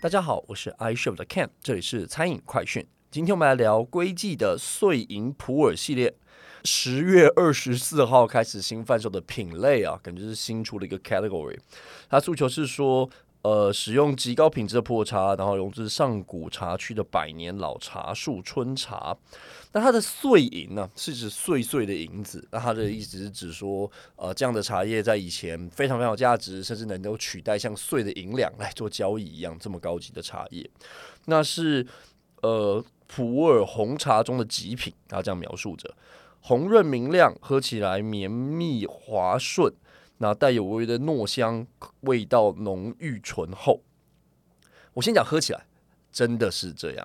大家好，我是 iCHEF 的 Ken，這裡是餐飲快訊。今天我們來聊龜記的碎銀普洱系列，十月二十四號開始新販售的品類啊，感覺是新出了一個 category，它訴求是說。呃，使用極高品質的普洱茶，然後融資上古茶區的百年老茶樹春茶。那它的碎銀呢，是指碎碎的銀子。那它的意思是指說，嗯、呃，這樣的茶葉在以前非常非常有價值，甚至能夠取代像碎的銀兩來做交易一樣，這麼高級的茶葉，那是呃普洱紅茶中的極品。它這樣描述着：紅潤明亮，喝起來綿密滑順。那帶有微微的糯香，味道濃郁醇厚。我先講喝起來，真的是這樣。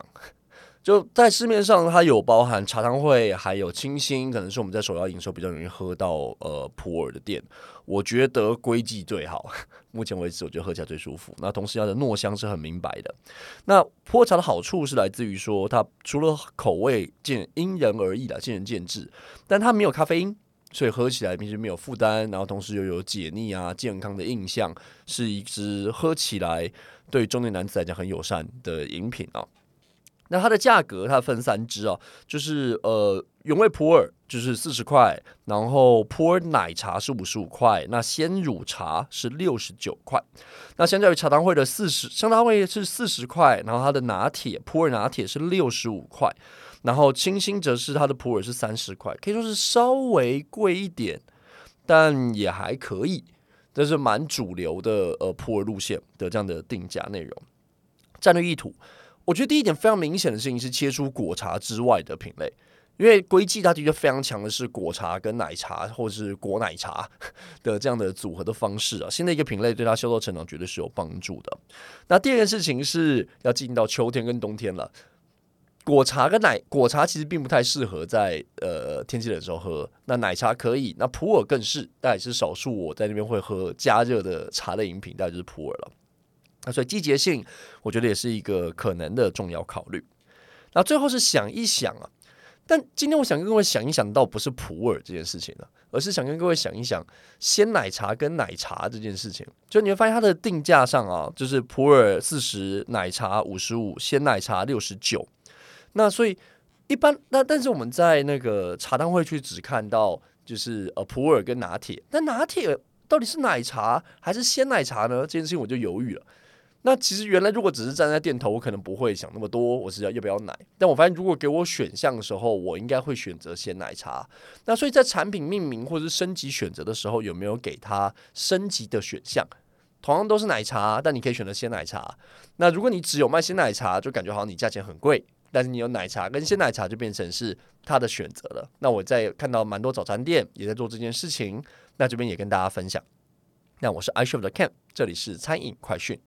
就在市面上，它有包含茶湯會，還有清新，可能是我們在手搖飲的時候比較容易喝到呃普洱的店。我覺得龜記最好，目前為止我覺得喝起來最舒服。那同時它的糯香是很明白的。那普洱茶的好處是來自於說，它除了口味見因人而異的見仁見智，但它沒有咖啡因。所以喝起來平時沒有負擔，然後同時又有解膩啊、健康的印象，是一支喝起來對中年男子來講很友善的飲品啊。那它的價格，它分三支哦、啊，就是呃原味普洱就是四十塊，然後普洱奶茶是五十五塊，那鮮乳茶是六十九塊。那相較於茶湯會的四十，茶湯會是四十塊，然後它的拿鐵普洱拿鐵是六十五塊。然後清新則是它的普洱是三十塊，可以說是稍微貴一點，但也還可以，這是蠻主流的呃普洱路線的這樣的定價內容。戰略意圖，我覺得第一點非常明顯的事情是切出果茶之外的品類，因為龜記它的確非常強的是果茶跟奶茶或者是果奶茶的這樣的組合的方式啊。新的一個品類對它銷售成長絕對是有幫助的。那第二件事情是要進到秋天跟冬天了。果茶跟奶果茶其實並不太適合在呃天氣冷的時候喝，那奶茶可以，那普洱更是，但也是少數我在那邊會喝加熱的茶類飲品，那就是普洱了。那所以季節性我覺得也是一個可能的重要考慮。那最後是想一想啊，但今天我想跟各位想一想倒不是普洱這件事情了啊，而是想跟各位想一想鮮奶茶跟奶茶這件事情，就你會發現它的定價上啊，就是普洱四十，奶茶五十五，鮮奶茶六十九。那所以，一般那但是我們在那個茶湯會去只看到就是呃普洱跟拿鐵，那拿鐵到底是奶茶還是鮮奶茶呢？這件事情我就猶豫了。那其實原來如果只是站在店頭，我可能不會想那麼多，我是要要不要奶？但我發現如果給我選項的時候，我應該會選擇鮮奶茶。那所以在產品命名或者是升級選擇的時候，有沒有給他升級的選項？同樣都是奶茶，但你可以選擇鮮奶茶。那如果你只有賣鮮奶茶，就感覺好像你價錢很貴。但是你有奶茶跟鮮奶茶，就變成是他的選擇了。那我在看到蠻多早餐店也在做這件事情，那這邊也跟大家分享。那我是 iCHEF 的 Ken，這裡是餐飲快訊。